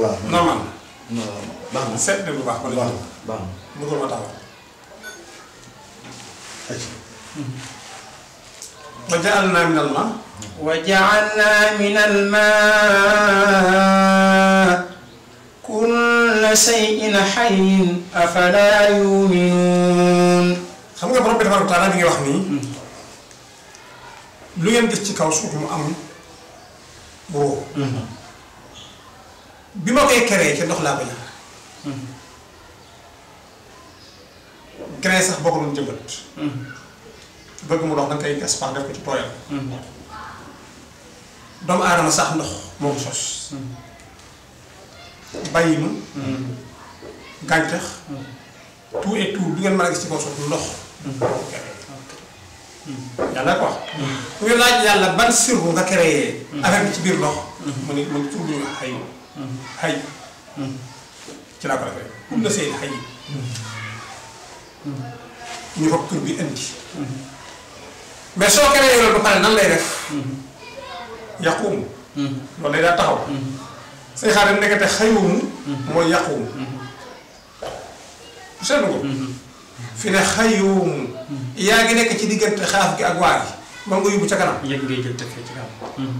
وجعلنا من الماء وجعلنا من الماء كل شيء حي افلا يؤمنون خمغا برب تبارك وتعالى ديغي واخني لو يم ديف سي كاو سوخو ام بو bi ma koy créé ci ndox laa ko ñaar créé sax boo ko doon jëmbat bëgg mu dox danga koy gas pax def ko ci tooyam doomu aadama sax ndox moo sos bàyyi gàncax tout et tout du ngeen mën a gis ci kaw suuf ndox moo ko créé yàlla ko ku ñu laaj yàlla ban sirru nga créé mm-hmm. affaire ci biir ndox mm-hmm. mu ne mu ne tur bi ay xay ci laa ko defee um na seen xay ñu foog tur bi indi mais soo créé loolu ba pare nan lay def yaquum loolu lay daa taxaw say xaar yi nekkate xayuum mooy yaquum seetlu ko fi ne xayuum yaa ngi nekk ci diggante xaaf gi ak waa gi moom nga yóbbu ca kanam yëg ngay jël teg fee ci kanam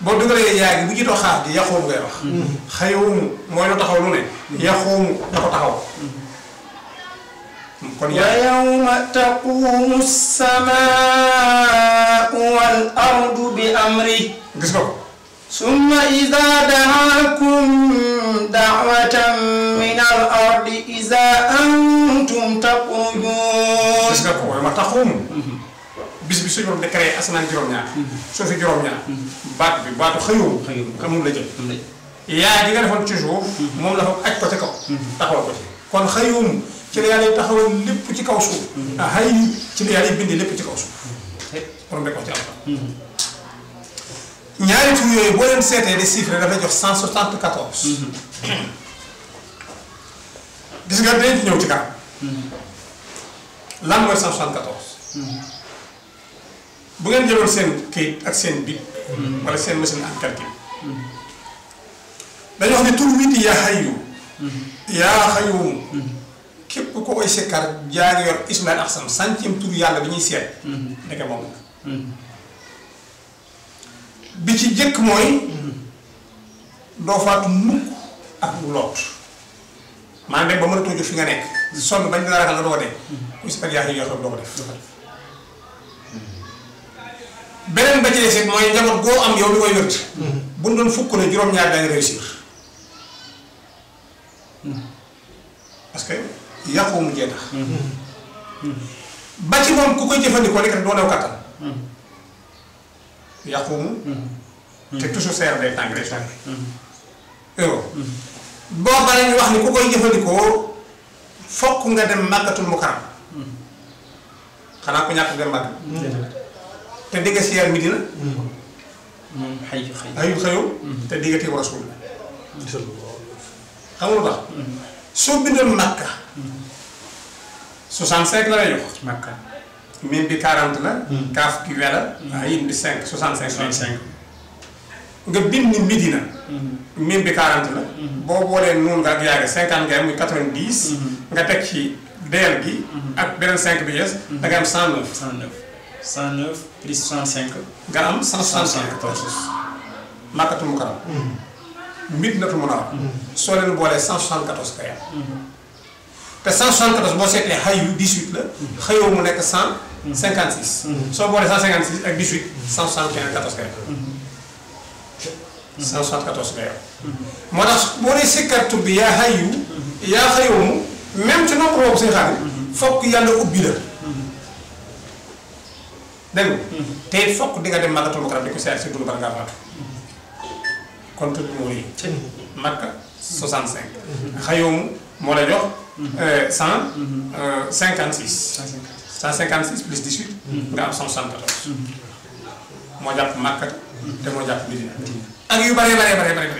bo dugalee yaay gi bu ci xaar di yaxo ngay wax ya moy la taxaw lu ne yaxoomu da ko taxaw mm-hmm. kon ya yawma taqumu samaau wal ardu bi amri gis ko summa ida daakum da'watan min al ardi ida antum taqumu gis ko ma su borom di créé asamaan juróom-ñaar. Mm-hmm. suuf si juróom-ñaar. Mm-hmm. baat bi baatu xëyum. xëyum moom la jël. yaa gi nga defoon ci mm-hmm. moom la fa aj ko ci kaw. taxawal ko ci kon xëyum ci la yàlla taxawal lépp ci kaw suuf. Ah, xëy ci lépp ci kaw suuf. borom rek wax ci alxam. ñaari tur yooyu boo leen seetee de chiffre dafay jox cent soixante quatorze. gis nga dañ ci ñëw ci kanam. lan mooy bu ngeen jëloon seen kayit ak seen bit mm-hmm. wala seen machine ak calcul mm-hmm. dañoo wax ne tur wi di yaa xayu mm-hmm. yaa xayu képp ku koy sikkar jaa yor ismail axsam centième tur yàlla bi ñuy seet ndeke moom bi ci jëkk mooy doo faatu mukk ak lu loot maanaam rek ba mën a tooju fi nga nekk sonn bañ dina raxal nga doo ko def kuy sikkar yaa doo ko def beneen ba ci des it mooy njaboot goo am yow li koy wér. bu ñu doon fukk ne juróom-ñaar daañu réussir parce que yàqu mu jee tax. ba ci moom ku koy jëfandikoo rek rek doo daw kattan. yàqu mu. te toujours seer day tàng day tàng. euro boo paree wax ni ku koy jëfandikoo fokk nga dem màggatul mu karam xanaa ku ñàkk dem màgg. te dinga si yaar mi dina. moom xëy xëy mm-hmm. te dégg tegu la. xam nga lu tax. Mm-hmm. soo bindoon Makka. Mm-hmm. la lay jox. Makka. mim bi 40 la. kaaf gi wela. ah yim bi 5 65. 65 nga bind Medina. mim bi 40 la. boo boolee noonu nga ak yaage 50 nga am muy 90. nga teg ci deel gi. ak beneen 5 bi yes. da nga am 109. 109. 109 plus 65. nga am 165 tonsus. màkkatul mu karam. mbir mm-hmm. natu mu naram. Mm-hmm. soo leen boolee 174 kay am. te 174 boo seetee xayu 18 la. Mm-hmm. xëyoo mu nekk 156. soo boolee 156 ak 18 174 kay am. 174 moo tax boo dee sikkartu bi yaa xayu. yaa xëyoo mu même ci nombre boobu say fokk yàlla ubbi la. dégg nga. te it fokk di nga dem Makkatul Mukarram di ko siyaare si dund bala ngaa faatu. kon tudd moo lii. ci Makka 65. xayoomu moo la jox. 156. Mhm. 156 euh, mhm. euh, plus 18. Mhm. nga am 174. moo jàpp Makka te moo jàpp Medina. ak yu bëree bëree bëree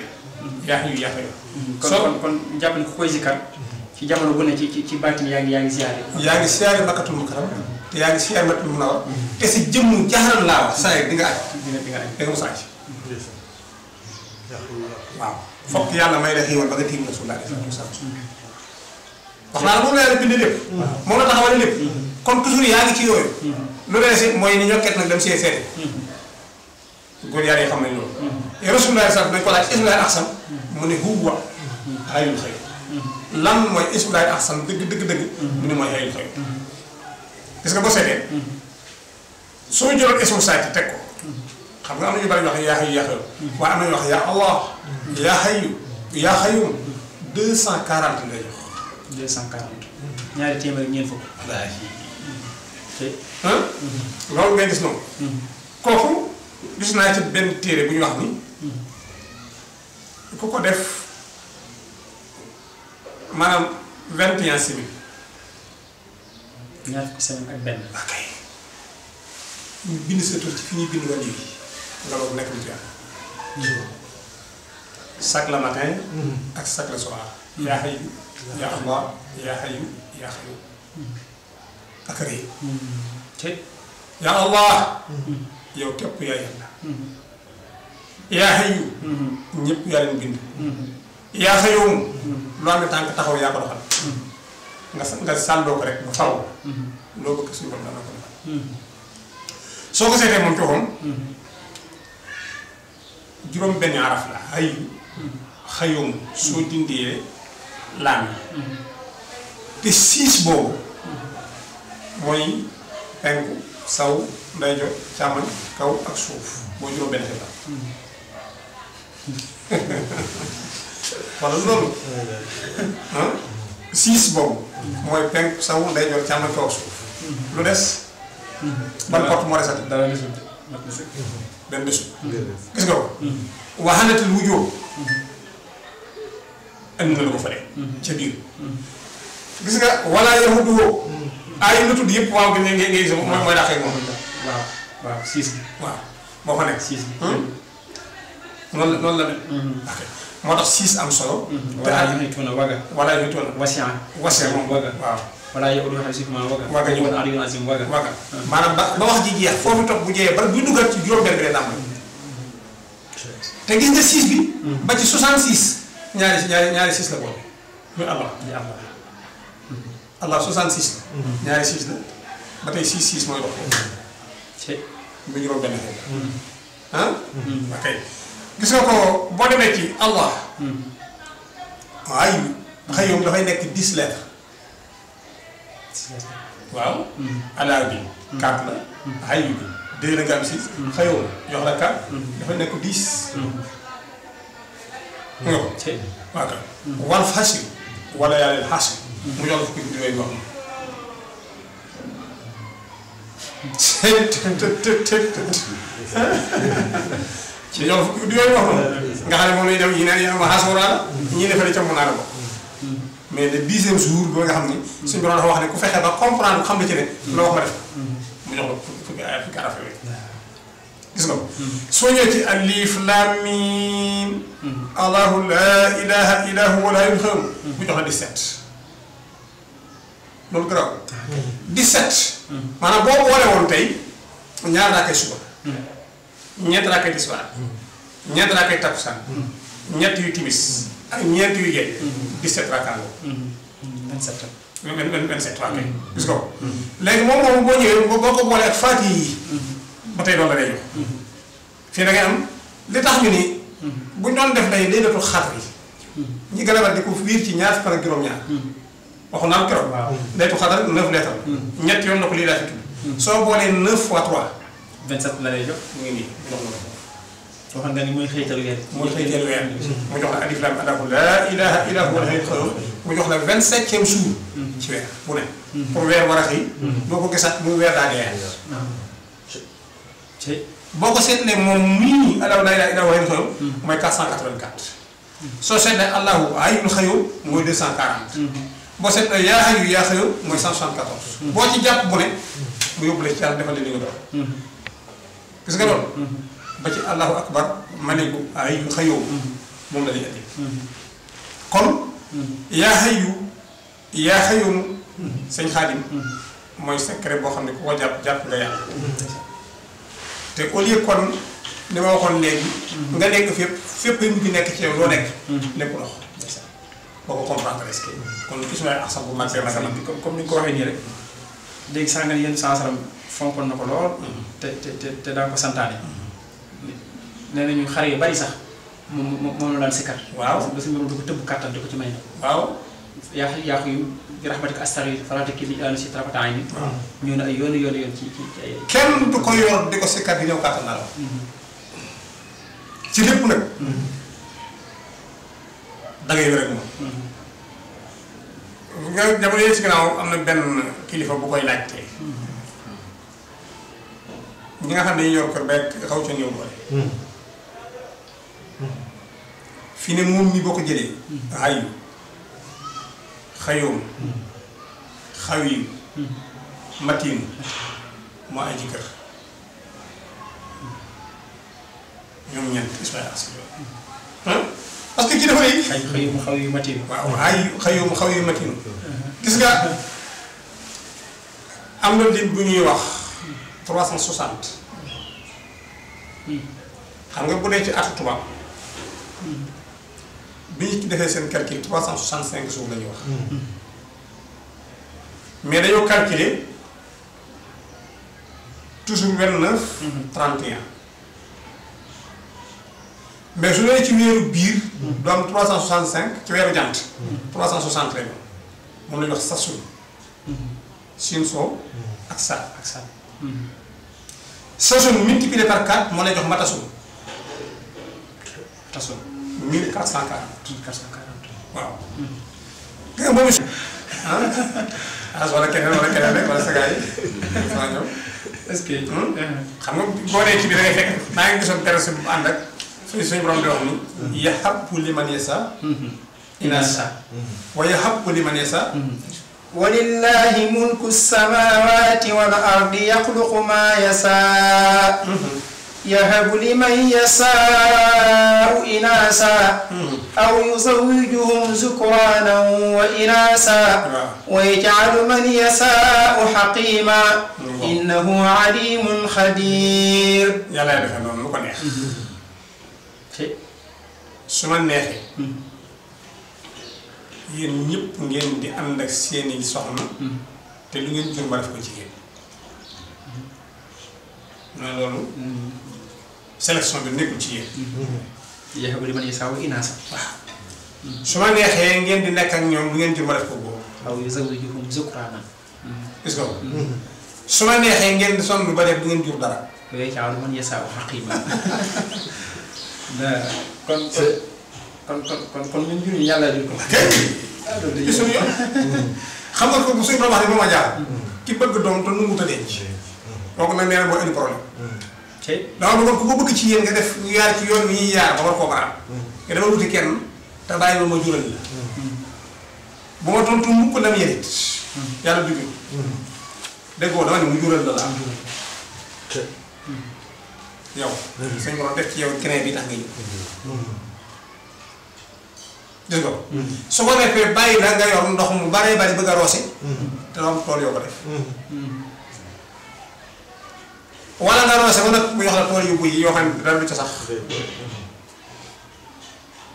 ci jamono bu ne ci ci ci yaa ngi yaa ngi yaa ngi siyaare Makkatul Mukarram te yaa ngi si yaay mat bi mun a war te si jëmm jaaxal laa wax saa di nga aj di nga mos a aj waaw fokk yàlla may la xiiwal ba nga tiim na su laa def mm-hmm. wax naa la moom la yàlla bind lépp mm-hmm. moom la taxawal lépp mm-hmm. kon toujours yaa ngi ci yooyu lu dee si mooy ni ñokket nag dem see seet góor yàlla yi xam nañ loolu yow rasulullah sax dañ ko laaj ismulaay axsan mu ne huwa ayul xëy lan mooy ismulaay axsan dëgg dëgg dëgg mu ne mooy ayul xëy parce que boo seetee mm-hmm. su ma jëloon ismu teg ko mm-hmm. xam nga am na ñu bari wax yaa xayu yaa xayu mm-hmm. waaye wax yaa allah deux cent quarante lay jox deux cent quarante ñaari téeméer ñeent fukk loolu ngay gis noonu kooku gis naa ci benn téere bu ñu wax ni ku ko def maanaam vingt et si simili ñaar fukki semaine ak benn. waaw kay ñu bind sa tur ci fi ñuy bind wàllu yi nga loolu nekk lu ci am. chaque le matin. Mm-hmm. ak chaque le soir. Mm-hmm. yaa xayu yaa allah ya xayu yaa xayu. Mm-hmm. ak rëy. te yaa allah. yow képp yaa yàlla. yaa xayu. ñëpp yaa leen bind. yaa xayum. loo amee tànk taxaw yaa ko doxal. nga nga sàlloo ko rek ba faaw. Mm-hmm. loo bëgg suñu borom dana ko defal. Mm-hmm. Mm-hmm. la ay xayoom soo dindee boobu mooy loolu siis boobu mooy penk sawu day joor càmm kaw suuf mhm. lu des mhm. ban porte moo desati dara desul mhm. benn desul gis nga ko waxanatil wujjoo andi na lu ko fële ca biir gis nga walla yahudu woo ay lu tudd yëpp waaw gi ne ngay ngay gis mooy mooy daqee moom waaw waaw siis waaw moo fa nekk siis noonu la mhm. moo tax am solo. Mhm. wala yu nit waga. wala yu nit wasiya. wasiya moom waga wala yow du xasif ma waga. waga ñu woon ariyu azim waga. waga maanaam ba wax ji bu ba bu ci bi lay te gis nga siis bi. Mhm. ba ci 66 ñaari ñaari ñaari la Allah. di Allah Allah 66 ñaari siis la ba tey 6 6 mooy wax. ci bu gisoo ko boo demee ci allah ayub xëyum dafay nekk dix lettres waaw alaa bi quatre la ayub deux la nga am six xëyum jox la quatre dafay nekk dix nga ko waaw kan wal fasil wala yàlla xasil mu tick, tick, tick, tick, tick, tick, tick, tick, tick, tick, tick, tick ci ñoom fukki guddi yooyu waxoon nga xam ne moom lay daw yi ne ma xasooraa la ñii ne fële ca mun naa la bokk mais le dixième jour ba nga xam ni suñu borom dafa wax ne ku fexe ba comprendre xam la ci ne loo wax ma def mu jox la fukki ay fukki araf yooyu gis nga ko soo ñëwee ci alif lam mim allahu la ilaha illa huwa la yulxam mu jox la 17 loolu garaaw 17 maanaam boo boole woon tey ñaar naa koy suba ñeent rakkay tisbaar ñeent rakkay takkusaan ñett yu timis ak ñeent yu géej 17 rakkaa la 27 27 waaw kay gis nga ko moom moom boo ñëwee boo ko boolee ak faati yi mm-hmm. ba tey noonu la lay jox mm-hmm. fii da ngay am li tax ñu ni mm-hmm. buñ doon def day day datu xatar yi ñi gën a war di ko wiir ci ñaar fan ak juróom-ñaar waxu naa keroog daytu xatar neuf yoon na ko lii laa fi tudd soo boolee neuf fois trois 27 la lay jox mu ngi nii jox la ko. waxoon nga ni muy xëytal weer. muy xëytal weer mu jox la alif lam allahu laa ilaaha illaa huwal hayyul qayyuum mm-hmm. mu jox la 27eem suur. Mm-hmm. ci weer bu ne. Mm-hmm. pour weer war a xëy. boo ko gisaat muy weer daa dee. Ah. boo ko seetlee moom mii allahu laa ilaaha illaa huwal hayyul qayyuum mooy 484. soo seetlee allahu hayyul qayyuum mooy 240. boo seetlee yaa hayyu yaa qayyuum mooy 174. boo ci jàpp bu ne mu yóbbu la ci yàlla defal li nga doon. parce que loolu. ba ci allahu akbar maliku ay xëyoo. moom la ñuy andi. kon. yaa xëyu yaa xëyoonu. sëñ xaadim. mooy secret boo xam ne ku ko jàpp jàpp nga yàlla. te au lieu kon li ma waxoon léegi. nga nekk fépp fépp yu ngi nekk ci yow loo nekk. lépp dox. boo ko comprendre est kon gis naa ak sax bu mag. bi comme ni nga ko waxee nii rek. léegi saa nga ne yéen fonkoon na ko lool te te te daan ko santaane nee nañu xar yu bari sax moom moom la daan sikkar waaw ba suñu borom di ko tëbb kàttan di ko ci may na waaw yaa yaaku yu di raxmatika astari farata yi ñëw na ay yoonu yoonu yoon ci ci ko di ko sikkar di ñëw kàttan na la mm-hmm. ci lépp nag mm-hmm. dangay wér ak moom mm-hmm. nga jamono yooyu si gannaaw am na benn kilifa bu koy laajtee ñi nga xam ne dañuy yor kër beeg xaw ca néew doole. Hmm. fi ne moom mi boo ko jëlee. Hmm. ayu xayoom hmm. xawiyu matiinu moo aji kër ñoom ñeent Ismaïla Assi parce que dafa léegi. xay xayum xaw yu matin. waaw ay xayum xaw gis nga am na lim bu ñuy wax. 360 xam nga bu dee ci atu tubaab bi ñu defee seen cent 365 jours la ñuy wax mais dañoo calculer toujours 29 31 mais su dee ci weeru biir du am 365 ci weeru jant 360 lay moom la ñuy wax sasul sin soo ak sa ak sa saison multiplié par 4 moo lay jox matasun matasun 1440 1440 waaw. nga xam boobu. Ah. ah wala keneen wala keneen rek wala sa gars yi waaw ñoom. est-ce hmm? ah. nga boo dee ci bi da ngay fekk maa ngi gisoon terrasse bu ànd ak suñu suñu borom di wax ni. Hmm. yahabu liman ولله ملك السماوات والأرض يخلق ما يشاء يهب لمن يشاء إناسا أو يزوجهم ذكرانا وإناسا ويجعل من يشاء حقيما إنه عليم خبير يلا يا دفع نون لكم سمان نيخي yéen ñëpp ngeen di am ak seeni soxna hmm. te lu ngeen jur ma def ko ci yéen hmm. bi nekkul ci yéen hmm. yéex bu li man yi saaw inaasa su ma neexee ngeen di nekk ak ñoom lu ngeen jur ma def ko boobu waaw yu saw ji fum su ma neexee ngeen di sonn lu bare bu ngeen jur dara yooyu caaw li man yi saaw xaqi ba kon kon kon kon kon ñun ñun yàlla duñ ko mën. suñu yoon xam nga ko bu suñu problème bi ma jaar. ki bëgg doom te nu mu tëddee. kooku nag nee boo indi problème. tey ko bëgg ci yéen nga def yaar ci yoon wi ñuy yaar wuti kenn te bàyyi ba ma jural la. bu ma tontu ko lam yërit. yàlla dugg. dégg nga dama ne mu jural la la am. yow. suñu borom def ci yow keneen bi tax nga ñëw. gis nga ko. su ko defee bàyyi la nga yor ndox mu baree bari bëgg a roosi. te mm-hmm. mu tool yoo ko def. Mm-hmm. wala nga roose ba nag mu jox la tool yu buy yoo xam ne sax.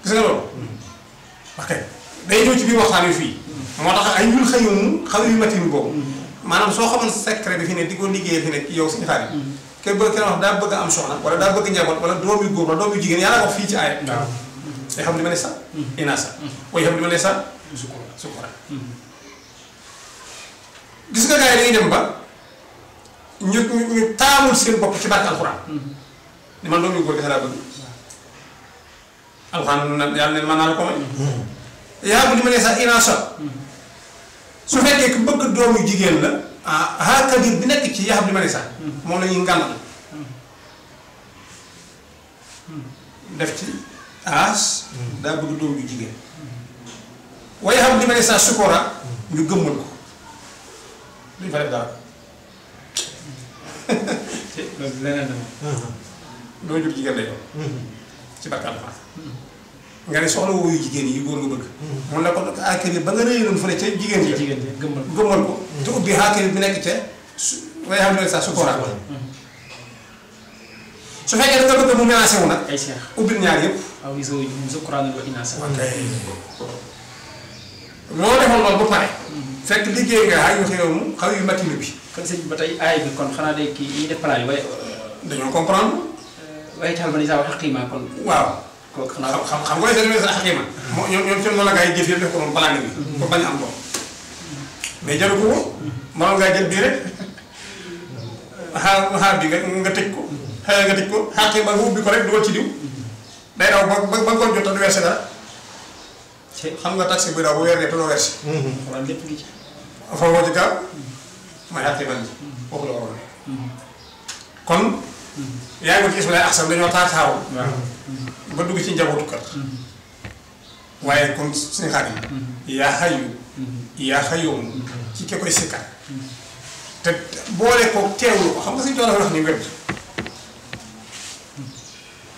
gis nga loolu. Mm-hmm. ok day ñëw fii. moo tax ay ñun xëyum xaw yu matin boobu. maanaam soo xamoon secret fi di ko liggéeyee fi ne yow suñu xarit. kenn bëgg kenn wax daa bëgg am soxna wala daa bëgg njaboot wala doom yu góor wala doom yu jigéen yàlla wax fii ci aay. يحب لمن يشاء إناثا ويحب لمن يشاء ذكورا ذكورا gis nga gars yi dem ba ñu ñu taamul seen bopp ci barke alxuraan. Mm-hmm. ni man doomu góor gi laa bëgg. alxuraan na yaa bu li ma ne mm-hmm. sax inasa mm-hmm. su fekkee ku bëgg doomu jigéen la ah haakadir ah, bi nekk ci yaa bu li ma ne sax. moom la ñuy ngànnal. def ci. aas daa bëgg doom ju jigéen waaye xam li ma ne saa sukora ñu gëmmal ko duñ fa def dara loolu leneen la doo jur jigéen day doon ci barka alxuraan nga ne soxla wooyu jigéen yi góor nga bëgg mun na ko akir ah, ba nga réyaloon fële ca jigéen ji gëmmal ko su waaye su fekkee da nga bëgg mu menacé wu nag. ay seex ubbil ñaar yëpp. waaw a kuraan ba inaasa. loo defoon loolu ba pare. Mm-hmm. fekk liggéey nga ay xëyoon mu xaw yu matin bi. kon sëñ ba tey aay bi kon xanaa day kii ñuy def plan yi waaye. Euh, dañoo comprendre. Euh, waaye taxal ba ni saa wax xaqiima kon. waaw kooku xanaa xam xam nga seen sa xaqiima. def ko noonu plan bi. Mm-hmm. am doom. mais jaru ko ko. Mm-hmm. mënoon ngaa jël bii rek. xaar xaar bi nga nga tëj ko. xëy nga tëj ko xàqi ba nga ubbi ko rek dugal ci diw day daw ba ba ba ngoon jot te du verser dara xam nga taxi buy daw bu weer dee te doo verser. Mhm. wala lépp gi ci. foofu moo ci gaaw mooy xàqi ban ji mhm. foofu la waroon mhm. kon. yaa ngi ci ismaila axsan dañoo taataaw. ba dugg ci njabootu kër. waaye kon suñu xaar yi. yaa xayu. yaa xayoon. ci ke koy sikkar. te boole ko teewlu ko xam nga suñu jox la wax ni wér.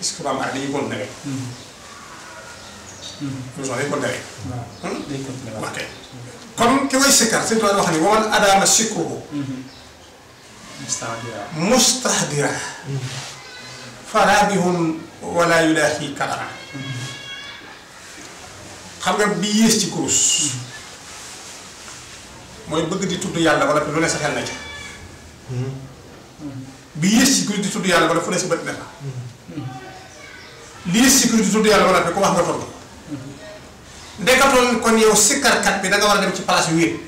est mm-hmm. mm-hmm. hmm? mm-hmm. xam nga bi yées kurus. mooy bëgg di tudd yàlla wala lu ne sa xel na ca. bi yées ci kurus di tudd yàlla wala fu ne sa bët ne fa. lii sécurité tudd yàlla ba ko wax nga tontu ndekatoon kon yow sikkarkat bi da war a dem ci place yu wéet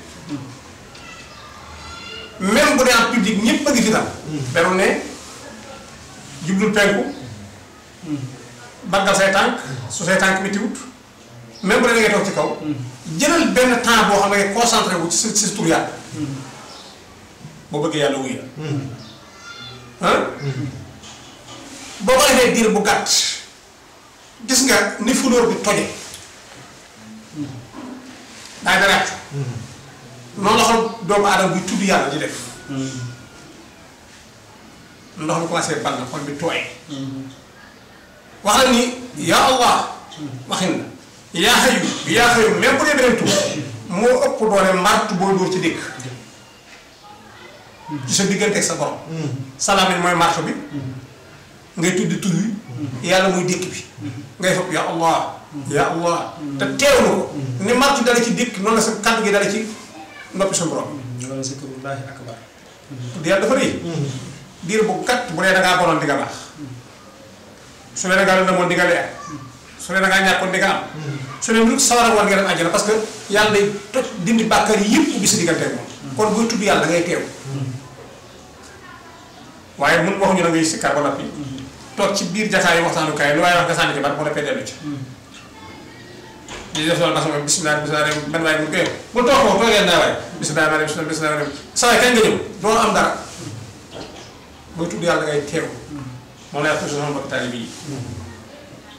même bu dee am public ñëpp a ngi ci tam beru ne jublul penku baggal say su say tànk bi tiwut même bu dee ci kaw benn temps boo xam ne ngay concentré wu ci si tur yàlla bëggee yàlla wuy hmm. hmm. boo ko defee diir bu gàtt gis nga ni fulóor bi toje daa garaat noonu la doomu aadama buy tudd yàlla di def ndox mu commencé ball xol bi tooy wax la ni yaa allah waxin na yaa xayu bi yaa xayu même bu dee beneen tur moo ëpp doole mart boo dóor ci dëkk ci sa diggante ak sa borom mm. salaam bi mooy mm. mart bi ngay tudd tur yi yalla muy dik bi ngay fop ya allah ya allah te teewlu ko ni martu dal ci dik non la sa kàddu gi dal ci noppi sa borom loolu zikrullahi akbar di yalla dafa rëy diir bu kat bu ne da nga bonoon di nga bax su ne da nga lëndamoon di nga leer su ne da nga ñàkkoon di nga am su ne lu sawara war nga dem aljana parce que yalla day toj dindi bakkar yep bu bis di nga moom kon bu tuddu yalla da ngay teew waye mun waxu ñu da ngay sikkar ba noppi toog ci biir jataayu waxtaanukaay lu waaye wax nga sànni ci ban mu répété lu ci. Mm. di def loolu ndax moom bisimilah bisimilah dem benn waay bu koy bu toog ko toogee naa waay bisimilah ma dem bisimilah dem saa waay kañ nga ñëw doo am dara booy tudd yàlla ngay teew moom laa toujours sama mbokk taalibe yi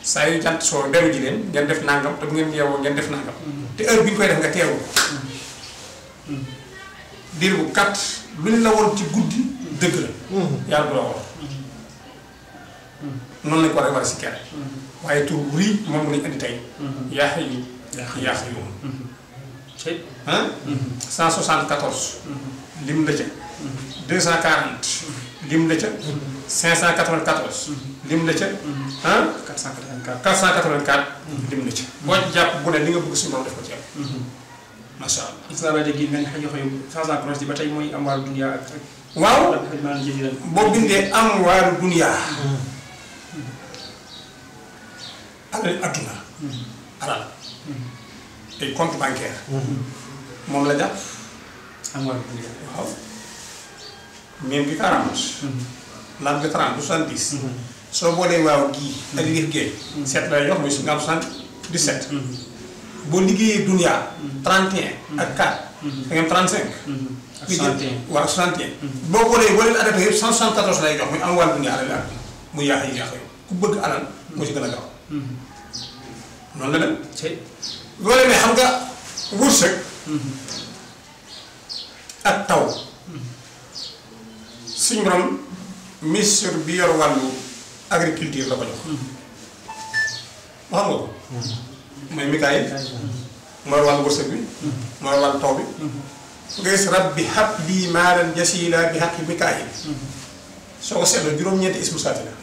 saa yu jant soo beru ji leen ngeen def nangam te bu ngeen yeewoo ngeen def nangam mm. te heure bi ñu koy def nga teewu mm. diir bu kat luñ la woon ci guddi dëgg la yàlla bu la woon noonu lañ ko war a war a sikkar waaye tur bu rëy moom lañ andi tey. Mm-hmm. yaa xëyu yaa xëyoon. ah. 174. lim la ca. 240. Mm-hmm. Mm-hmm. lim la ca. 594. lim la ca. ah. 484 484. lim la ca. boo ci jàpp bu ne li nga bëgg suñu borom def ko ci am. macha allah. is naa la déggee nga ne xëy na xëy ba tey mooy am waaru duniyaa ak. waaw boo bindee am waaru duniyaa. alal aduna alal ay compte bancaire moom la jàpp amoon waaw même bi 40 lam bi 30 70 soo boolee waaw gii ak liir gee seet la jox muy nga am 77 boo liggéeyee dunia 31 ak 4 da ngeen 35 waaw 61 boo boolee boo leen adapté yëpp 174 lay jox muy am wàllu dunia alal ak mu yaax yi yaax ku bëgg alal moo ci gën a noonu la dem. loolu ne xam nga wërsëg. ak taw. suñu borom ministre bi yor wàllu agriculture la ko jox. mu xam nga mooy Mikaayil. Mm-hmm. wàllu wërsëg bi. Mm-hmm. mooy wàllu taw bi. Mm-hmm. nga gis rab bi xab lii maalan jasila bi xaqi Mikaayil. soo ko seetloo juróom-ñeenti ismu la.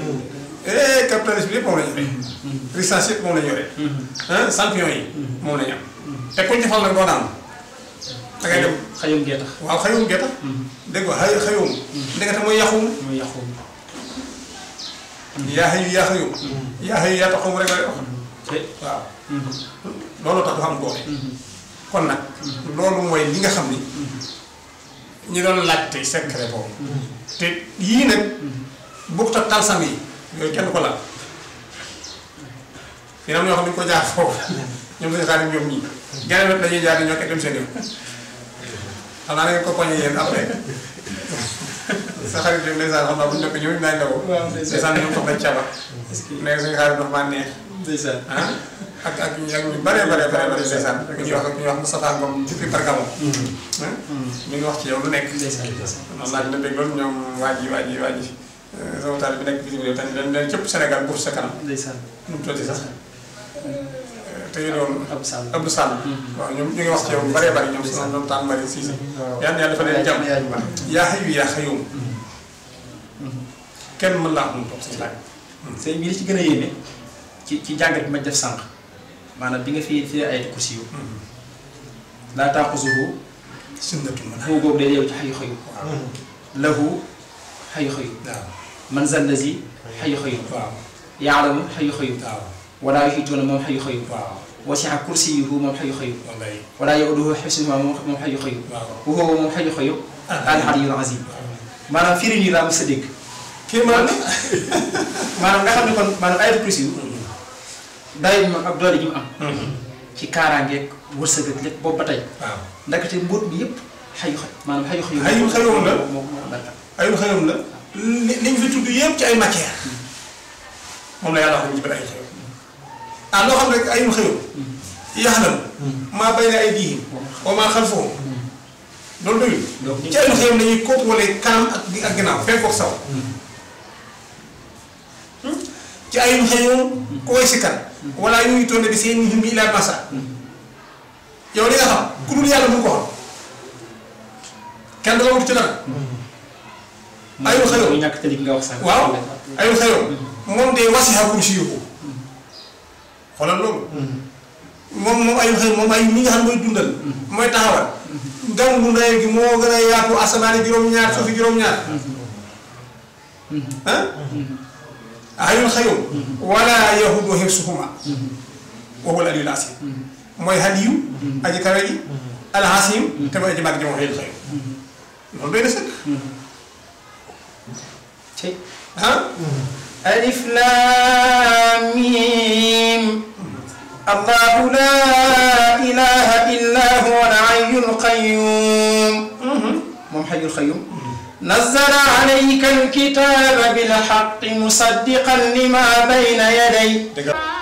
eh capitalisme bi yëpp moom la ñu yore. richesse yëpp moom la ñu yore. ah yi. moom la ñu te kuñ defal nag doo daan. da ngay dem xayum gee tax. waaw xayum gee tax. Mm-hmm. dégg nga xay xayum. ndekete mooy yàquwum. mooy yàquwum. Mm-hmm. yaa xayu yaa xayum. Mm-hmm. yaa xayu yaa taxawum rek eh. loolu tax du am doole. kon nag loolu mooy li nga xam ni. ñu doon laaj tey secret boobu. te yii nag. bokkut ak talsam yi. yooyu kenn ko laal yéen am na yoo xam ne ko jaar foofu ñoom seen xaalis ñoom ñii gars yi dañuy jaar di ñoo dem seen yoon xam naa da ngeen ko poñe yéen après sa xarit bi ndeysaan xam naa bu ñu noppee ñëw ñu naan la ko. waaw ndeysaan ñoom soxna Thiaba. est-ce que nekk suñu xarit dafa maa neex. ndeysaan ah ak ak ñu bëree bëree bëri ndeysaan. ku ñuy wax ku ñuy wax Moustapha Ngom depuis Bargamo. Mm-hmm. Ah? Mm-hmm. mi ngi wax ci yow lu nekk. ndeysaan ndeysaan. laaj na dégg loolu ñoom waa ji waa ji waa ji zone tali bi nekk bitim réew tamit dañ cëpp Sénégal buuf sa kanam. ndeysaan nu mu tuddati sax. te mm-hmm. ñu doon Abdou Sall. jàmm yaa xayu yaa xayum mm-hmm. kenn mën laa mun toog si mm-hmm. ci gën a yéeme ci ci jàngat bi ma def sànq maanaam bi nga fi fi ay kursi yu. laa taaxusuhu sunnatun. foo boobu day yow ci xayu xayu. lahu xayu xayu. من ذا الذي حي خير يعلم حي خير ولا يحيطون من حي خير وسع كرسيه من حي خير ولا يؤده حسن من حي خير وهو من حي خير الحري العظيم ما نفيرني لا مصدق كما ما نعرف نكون ما نعرف كرسيه دائما عبد الله جمع في كارانجي ورسجت لك بوب بتاعي لكن تبود بيب حي خير ما نحي خير حي خير ولا حي خير ولا liñ fi tudd yëpp ci ay matière moom la yàlla wax nañu ci bëri ah loo xam ne ayum xëyum hmm. yaxlam hmm. maa ay diihim wa maa xalfahum hmm. loolu doyul ci ayum xëyum dañuy kóob wala kanam ak ak koy sikkan wala yu ngi tonne bi seen him ilaa masa yow li nga xam ku dul yàlla mu ko xam kenn du la wut ci dara ayul xayoon ñàkk tëddik nga wax sax. waaw ayul xayoon moom day wasiha loolu. Mm-hmm. moom moom ayul xayoon moom ay mi nga xam mooy dundal. Mm-hmm. mooy taxawal. Mm-hmm. gam bu gi moo gën a yaatu asamaani juróom-ñaar suufi juróom-ñaar. ah. ayul xayoon. wala yahudu hifsuhuma. wa huwa al-aliyyul mooy hadiyu. aji kawe ji. te mooy aji mag ji ayul xayoon. ها ألف لام ميم الله لا إله إلا هو العي القيوم مم حي القيوم نزل عليك الكتاب بالحق مصدقا لما بين يديه